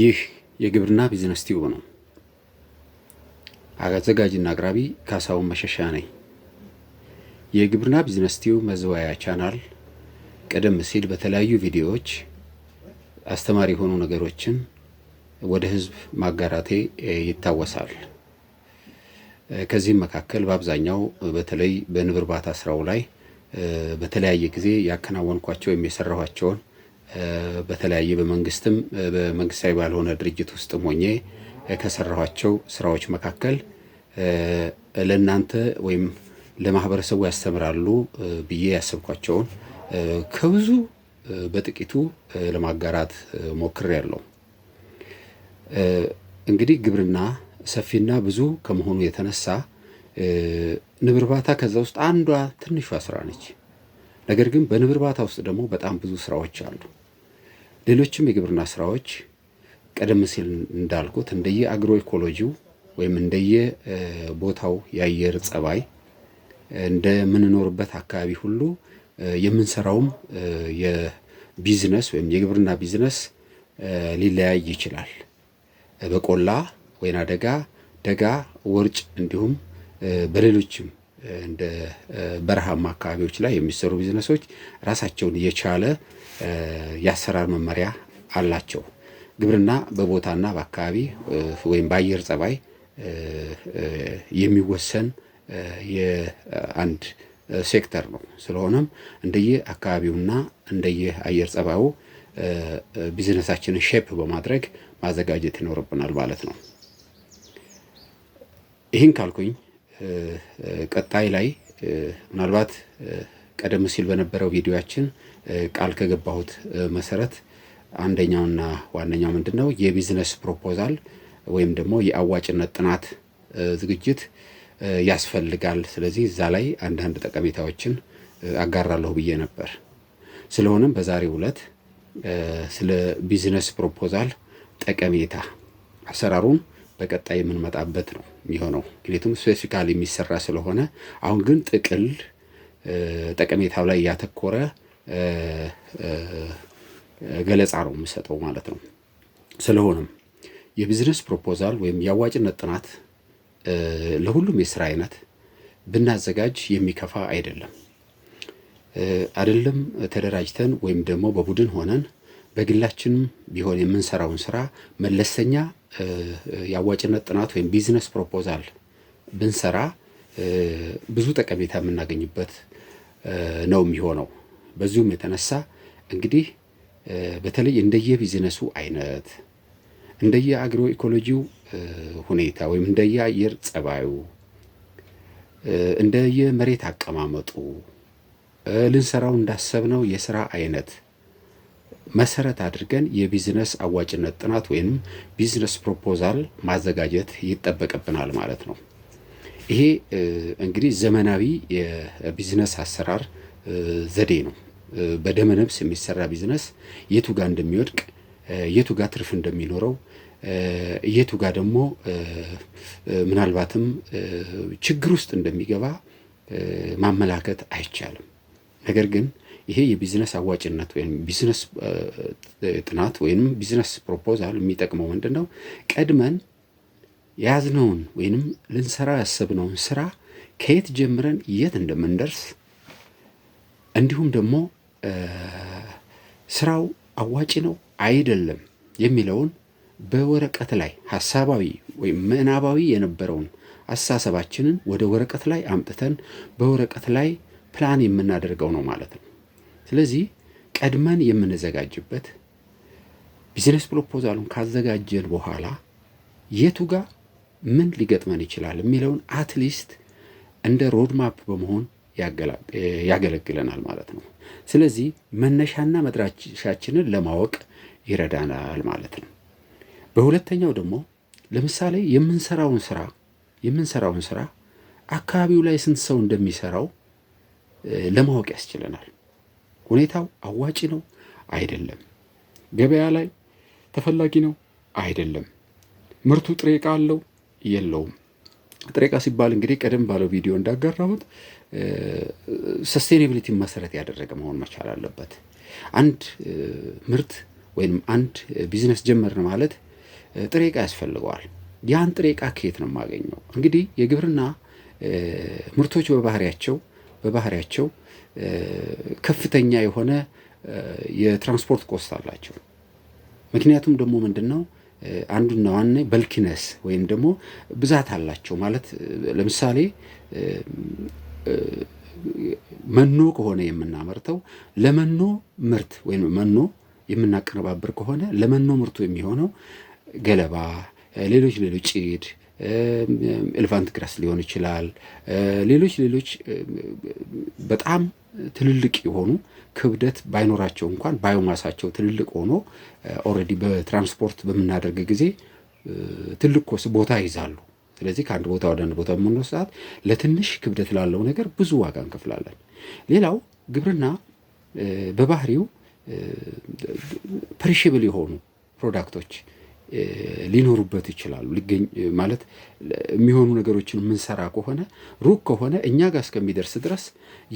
ይህ የግብርና ቢዝነስ ቲዩብ ነው። አዘጋጅና አቅራቢ ካሳሁን መሸሻ ነኝ። የግብርና ቢዝነስ ቲዩብ መዘዋያ ቻናል ቀደም ሲል በተለያዩ ቪዲዮዎች አስተማሪ የሆኑ ነገሮችን ወደ ህዝብ ማጋራቴ ይታወሳል። ከዚህም መካከል በአብዛኛው በተለይ በንብ እርባታ ስራው ላይ በተለያየ ጊዜ ያከናወንኳቸው የሚሰራኋቸውን በተለያየ በመንግስትም በመንግስታዊ ባልሆነ ድርጅት ውስጥም ሆኜ ከሰራኋቸው ስራዎች መካከል ለእናንተ ወይም ለማህበረሰቡ ያስተምራሉ ብዬ ያሰብኳቸውን ከብዙ በጥቂቱ ለማጋራት ሞክር ያለው እንግዲህ ግብርና ሰፊና ብዙ ከመሆኑ የተነሳ ንብ እርባታ ከዛ ውስጥ አንዷ ትንሿ ስራ ነች። ነገር ግን በንብ እርባታ ውስጥ ደግሞ በጣም ብዙ ስራዎች አሉ። ሌሎችም የግብርና ስራዎች ቀደም ሲል እንዳልኩት እንደየ አግሮ ኢኮሎጂው ወይም እንደየ ቦታው የአየር ጸባይ እንደምንኖርበት አካባቢ ሁሉ የምንሰራውም የቢዝነስ ወይም የግብርና ቢዝነስ ሊለያይ ይችላል። በቆላ፣ ወይና ደጋ፣ ደጋ፣ ወርጭ እንዲሁም በሌሎችም እንደ በረሃማ አካባቢዎች ላይ የሚሰሩ ቢዝነሶች ራሳቸውን የቻለ የአሰራር መመሪያ አላቸው። ግብርና በቦታና በአካባቢ ወይም በአየር ጸባይ የሚወሰን የአንድ ሴክተር ነው። ስለሆነም እንደየ አካባቢውና እንደየ አየር ጸባዩ ቢዝነሳችንን ሼፕ በማድረግ ማዘጋጀት ይኖርብናል ማለት ነው። ይህን ካልኩኝ ቀጣይ ላይ ምናልባት ቀደም ሲል በነበረው ቪዲዮያችን ቃል ከገባሁት መሰረት አንደኛውና ዋነኛው ምንድን ነው የቢዝነስ ፕሮፖዛል ወይም ደግሞ የአዋጭነት ጥናት ዝግጅት ያስፈልጋል። ስለዚህ እዛ ላይ አንዳንድ ጠቀሜታዎችን አጋራለሁ ብዬ ነበር። ስለሆነም በዛሬው ዕለት ስለ ቢዝነስ ፕሮፖዛል ጠቀሜታ አሰራሩን በቀጣይ የምንመጣበት ነው የሚሆነው። ምክንያቱም ስፔሲፊካሊ የሚሰራ ስለሆነ አሁን ግን ጥቅል ጠቀሜታው ላይ ያተኮረ ገለጻ ነው የምሰጠው ማለት ነው። ስለሆነም የቢዝነስ ፕሮፖዛል ወይም የአዋጭነት ጥናት ለሁሉም የስራ አይነት ብናዘጋጅ የሚከፋ አይደለም። አይደለም ተደራጅተን ወይም ደግሞ በቡድን ሆነን በግላችንም ቢሆን የምንሰራውን ስራ መለሰኛ የአዋጭነት ጥናት ወይም ቢዝነስ ፕሮፖዛል ብንሰራ ብዙ ጠቀሜታ የምናገኝበት ነው የሚሆነው። በዚሁም የተነሳ እንግዲህ በተለይ እንደየ ቢዝነሱ አይነት እንደየ አግሮ ኢኮሎጂው ሁኔታ ወይም እንደየ አየር ጸባዩ እንደየ መሬት አቀማመጡ ልንሰራው እንዳሰብነው የስራ አይነት መሰረት አድርገን የቢዝነስ አዋጭነት ጥናት ወይም ቢዝነስ ፕሮፖዛል ማዘጋጀት ይጠበቅብናል ማለት ነው። ይሄ እንግዲህ ዘመናዊ የቢዝነስ አሰራር ዘዴ ነው። በደመነብስ የሚሰራ ቢዝነስ የቱ ጋር እንደሚወድቅ፣ የቱ ጋር ትርፍ እንደሚኖረው፣ የቱ ጋር ደግሞ ምናልባትም ችግር ውስጥ እንደሚገባ ማመላከት አይቻልም። ነገር ግን ይሄ የቢዝነስ አዋጭነት ወይም ቢዝነስ ጥናት ወይም ቢዝነስ ፕሮፖዛል የሚጠቅመው ምንድን ነው? ቀድመን የያዝነውን ወይንም ልንሰራ ያሰብነውን ስራ ከየት ጀምረን የት እንደምንደርስ እንዲሁም ደግሞ ስራው አዋጭ ነው አይደለም የሚለውን በወረቀት ላይ ሀሳባዊ ወይም ምዕናባዊ የነበረውን አስተሳሰባችንን ወደ ወረቀት ላይ አምጥተን በወረቀት ላይ ፕላን የምናደርገው ነው ማለት ነው። ስለዚህ ቀድመን የምንዘጋጅበት ቢዝነስ ፕሮፖዛሉን ካዘጋጀን በኋላ የቱ ጋር ምን ሊገጥመን ይችላል የሚለውን አትሊስት እንደ ሮድማፕ በመሆን ያገለግለናል ማለት ነው። ስለዚህ መነሻና መድረሻችንን ለማወቅ ይረዳናል ማለት ነው። በሁለተኛው ደግሞ ለምሳሌ የምንሰራውን ስራ የምንሰራውን ስራ አካባቢው ላይ ስንት ሰው እንደሚሰራው ለማወቅ ያስችለናል። ሁኔታው አዋጪ ነው አይደለም፣ ገበያ ላይ ተፈላጊ ነው አይደለም፣ ምርቱ ጥሬ ዕቃ አለው የለውም። ጥሬ ዕቃ ሲባል እንግዲህ ቀደም ባለው ቪዲዮ እንዳጋራሁት ሰስቴኔብሊቲ መሰረት ያደረገ መሆን መቻል አለበት። አንድ ምርት ወይም አንድ ቢዝነስ ጀመርን ማለት ጥሬ ዕቃ ያስፈልገዋል። ያን ጥሬ ዕቃ ከየት ነው የማገኘው? እንግዲህ የግብርና ምርቶች በባህሪያቸው በባህሪያቸው ከፍተኛ የሆነ የትራንስፖርት ኮስት አላቸው። ምክንያቱም ደግሞ ምንድን ነው አንዱና ዋነ በልኪነስ ወይም ደግሞ ብዛት አላቸው ማለት ለምሳሌ መኖ ከሆነ የምናመርተው ለመኖ ምርት ወይም መኖ የምናቀነባብር ከሆነ ለመኖ ምርቱ የሚሆነው ገለባ፣ ሌሎች ሌሎች ጭድ ኤሌፋንት ግራስ ሊሆን ይችላል። ሌሎች ሌሎች በጣም ትልልቅ የሆኑ ክብደት ባይኖራቸው እንኳን ባዮማሳቸው ትልልቅ ሆኖ ኦልሬዲ በትራንስፖርት በምናደርግ ጊዜ ትልቅ ኮስ ቦታ ይዛሉ። ስለዚህ ከአንድ ቦታ ወደ አንድ ቦታ በምንወስድ ሰዓት ለትንሽ ክብደት ላለው ነገር ብዙ ዋጋ እንከፍላለን። ሌላው ግብርና በባህሪው ፐሪሽብል የሆኑ ፕሮዳክቶች ሊኖሩበት ይችላሉ። ሊገኝ ማለት የሚሆኑ ነገሮችን የምንሰራ ከሆነ ሩቅ ከሆነ እኛ ጋር እስከሚደርስ ድረስ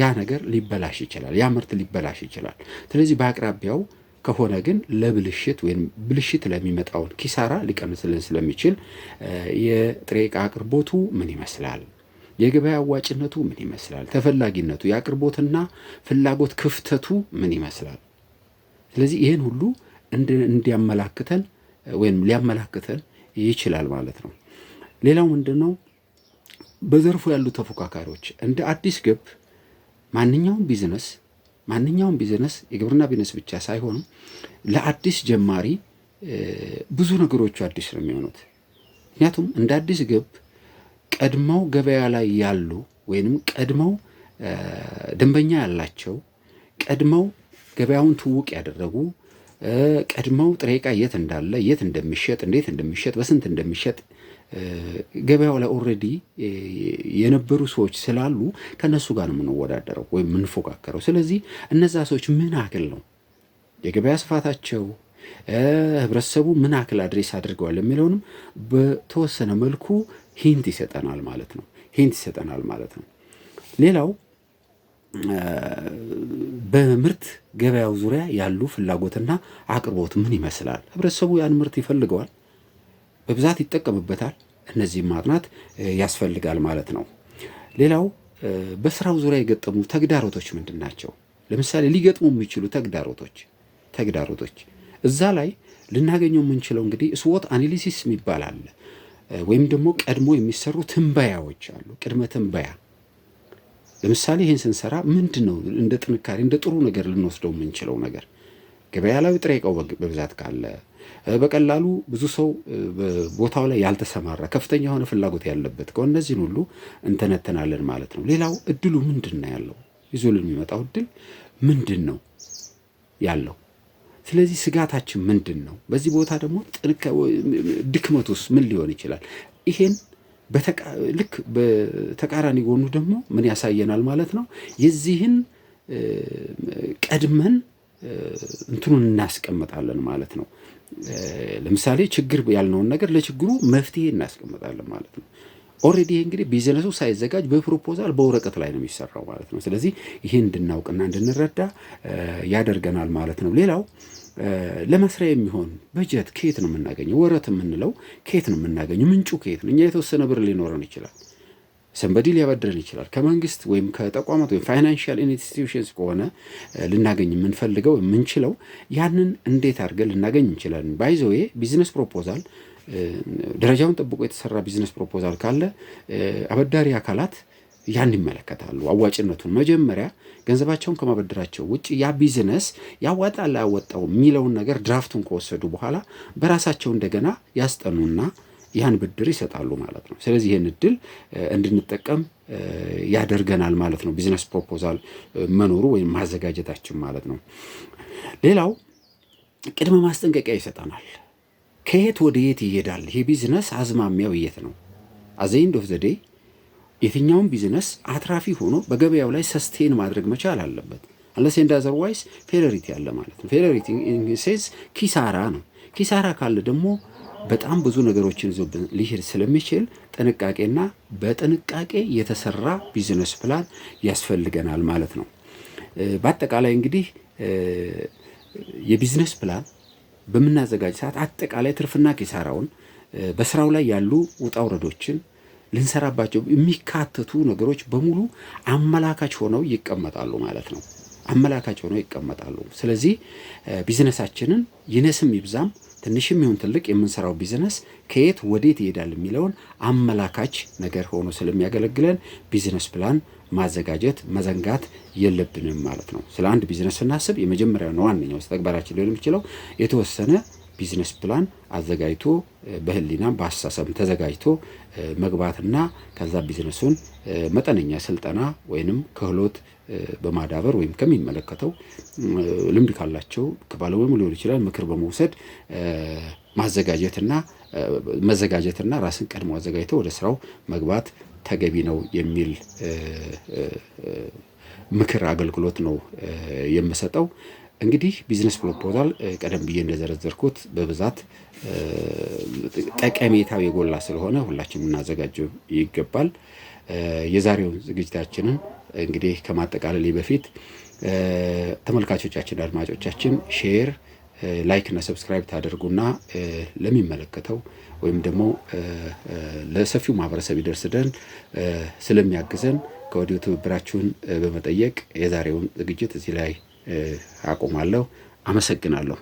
ያ ነገር ሊበላሽ ይችላል፣ ያ ምርት ሊበላሽ ይችላል። ስለዚህ በአቅራቢያው ከሆነ ግን ለብልሽት ወይም ብልሽት ለሚመጣውን ኪሳራ ሊቀንስልን ስለሚችል የጥሬ ዕቃ አቅርቦቱ ምን ይመስላል? የገበያ አዋጭነቱ ምን ይመስላል? ተፈላጊነቱ፣ የአቅርቦትና ፍላጎት ክፍተቱ ምን ይመስላል? ስለዚህ ይህን ሁሉ እንዲያመላክተን ወይም ሊያመላክተን ይችላል ማለት ነው። ሌላው ምንድን ነው? በዘርፉ ያሉ ተፎካካሪዎች እንደ አዲስ ግብ ማንኛውም ቢዝነስ ማንኛውም ቢዝነስ የግብርና ቢዝነስ ብቻ ሳይሆኑ ለአዲስ ጀማሪ ብዙ ነገሮቹ አዲስ ነው የሚሆኑት። ምክንያቱም እንደ አዲስ ግብ ቀድመው ገበያ ላይ ያሉ ወይንም ቀድመው ደንበኛ ያላቸው ቀድመው ገበያውን ትውቅ ያደረጉ ቀድመው ጥሬ ዕቃ የት እንዳለ የት እንደሚሸጥ እንዴት እንደሚሸጥ በስንት እንደሚሸጥ ገበያው ላይ ኦልሬዲ የነበሩ ሰዎች ስላሉ ከእነሱ ጋር ነው የምንወዳደረው ወይም የምንፎካከረው። ስለዚህ እነዛ ሰዎች ምን አክል ነው የገበያ ስፋታቸው፣ ህብረተሰቡ ምን አክል አድሬስ አድርገዋል የሚለውንም በተወሰነ መልኩ ሂንት ይሰጠናል ማለት ነው ሂንት ይሰጠናል ማለት ነው። ሌላው በምርት ገበያው ዙሪያ ያሉ ፍላጎትና አቅርቦት ምን ይመስላል? ህብረተሰቡ ያን ምርት ይፈልገዋል፣ በብዛት ይጠቀምበታል። እነዚህም ማጥናት ያስፈልጋል ማለት ነው። ሌላው በስራው ዙሪያ የገጠሙ ተግዳሮቶች ምንድን ናቸው? ለምሳሌ ሊገጥሙ የሚችሉ ተግዳሮቶች ተግዳሮቶች እዛ ላይ ልናገኘው የምንችለው እንግዲህ እስዎት አናሊሲስ የሚባል አለ። ወይም ደግሞ ቀድሞ የሚሰሩ ትንበያዎች አሉ፣ ቅድመ ትንበያ ለምሳሌ ይህን ስንሰራ ምንድን ነው እንደ ጥንካሬ እንደ ጥሩ ነገር ልንወስደው የምንችለው ነገር ገበያ ላይ ጥሬ እቃው በብዛት ካለ በቀላሉ ብዙ ሰው ቦታው ላይ ያልተሰማራ ከፍተኛ የሆነ ፍላጎት ያለበት ከሆነ እነዚህን ሁሉ እንተነተናለን ማለት ነው። ሌላው እድሉ ምንድን ነው ያለው ይዞልን የሚመጣው እድል ምንድን ነው ያለው? ስለዚህ ስጋታችን ምንድን ነው? በዚህ ቦታ ደግሞ ድክመቱስ ምን ሊሆን ይችላል? ይሄን ልክ በተቃራኒ ጎኑ ደግሞ ምን ያሳየናል ማለት ነው? የዚህን ቀድመን እንትኑን እናስቀምጣለን ማለት ነው። ለምሳሌ ችግር ያልነውን ነገር ለችግሩ መፍትሄ እናስቀምጣለን ማለት ነው። ኦልሬዲ ይሄ እንግዲህ ቢዝነሱ ሳይዘጋጅ በፕሮፖዛል በወረቀት ላይ ነው የሚሰራው ማለት ነው። ስለዚህ ይሄ እንድናውቅና እንድንረዳ ያደርገናል ማለት ነው። ሌላው ለመስሪያ የሚሆን በጀት ከየት ነው የምናገኘው? ወረት የምንለው ከየት ነው የምናገኘው? ምንጩ ከየት ነው? እኛ የተወሰነ ብር ሊኖረን ይችላል። ሰንበዲ ሊያበድረን ይችላል። ከመንግስት ወይም ከተቋማት ወይም ፋይናንሽል ኢንስቲትዩሽንስ ከሆነ ልናገኝ የምንፈልገው የምንችለው ያንን እንዴት አድርገን ልናገኝ እንችላለን? ባይዘዌ ቢዝነስ ፕሮፖዛል ደረጃውን ጠብቆ የተሰራ ቢዝነስ ፕሮፖዛል ካለ አበዳሪ አካላት ያን ይመለከታሉ። አዋጭነቱን መጀመሪያ ገንዘባቸውን ከማበደራቸው ውጭ ያ ቢዝነስ ያዋጣ ላያወጣው የሚለውን ነገር ድራፍቱን ከወሰዱ በኋላ በራሳቸው እንደገና ያስጠኑና ያን ብድር ይሰጣሉ ማለት ነው። ስለዚህ ይህን እድል እንድንጠቀም ያደርገናል ማለት ነው። ቢዝነስ ፕሮፖዛል መኖሩ ወይም ማዘጋጀታችን ማለት ነው። ሌላው ቅድመ ማስጠንቀቂያ ይሰጠናል። ከየት ወደ የት ይሄዳል ይሄ ቢዝነስ አዝማሚያው የት ነው? አዘ ኦፍ የትኛውም ቢዝነስ አትራፊ ሆኖ በገበያው ላይ ሰስቴን ማድረግ መቻል አለበት። አለስ ኤንድ አዘርዋይስ ፌለሪቲ አለ ማለት ነው። ፌለሪቲ ሴዝ ኪሳራ ነው። ኪሳራ ካለ ደግሞ በጣም ብዙ ነገሮችን ይዞ ሊሄድ ስለሚችል ጥንቃቄና በጥንቃቄ የተሰራ ቢዝነስ ፕላን ያስፈልገናል ማለት ነው። በአጠቃላይ እንግዲህ የቢዝነስ ፕላን በምናዘጋጅ ሰዓት አጠቃላይ ትርፍና ኪሳራውን፣ በስራው ላይ ያሉ ውጣ ውረዶችን ልንሰራባቸው የሚካተቱ ነገሮች በሙሉ አመላካች ሆነው ይቀመጣሉ ማለት ነው። አመላካች ሆነው ይቀመጣሉ። ስለዚህ ቢዝነሳችንን ይነስም ይብዛም ትንሽም ይሁን ትልቅ የምንሰራው ቢዝነስ ከየት ወዴት ይሄዳል የሚለውን አመላካች ነገር ሆኖ ስለሚያገለግለን ቢዝነስ ፕላን ማዘጋጀት መዘንጋት የለብንም ማለት ነው። ስለ አንድ ቢዝነስ ስናስብ የመጀመሪያውና ዋነኛው ተግባራችን ሊሆን የሚችለው የተወሰነ ቢዝነስ ፕላን አዘጋጅቶ በህሊናም በአስተሳሰብም ተዘጋጅቶ መግባትና ከዛ ቢዝነሱን መጠነኛ ስልጠና ወይንም ክህሎት በማዳበር ወይም ከሚመለከተው ልምድ ካላቸው ከባለሙያም ሊሆን ይችላል ምክር በመውሰድ ማዘጋጀትና መዘጋጀትና ራስን ቀድሞ አዘጋጅተው ወደ ስራው መግባት ተገቢ ነው የሚል ምክር አገልግሎት ነው የምሰጠው። እንግዲህ ቢዝነስ ፕሮፖዛል ቀደም ብዬ እንደዘረዘርኩት በብዛት ጠቀሜታው የጎላ ስለሆነ ሁላችን እናዘጋጀው ይገባል። የዛሬውን ዝግጅታችንን እንግዲህ ከማጠቃለሌ በፊት ተመልካቾቻችን፣ አድማጮቻችን ሼር፣ ላይክ እና ሰብስክራይብ ታደርጉና ለሚመለከተው ወይም ደግሞ ለሰፊው ማህበረሰብ ይደርስደን ስለሚያግዘን ከወዲሁ ትብብራችሁን በመጠየቅ የዛሬውን ዝግጅት እዚህ ላይ አቁማለሁ። አመሰግናለሁ።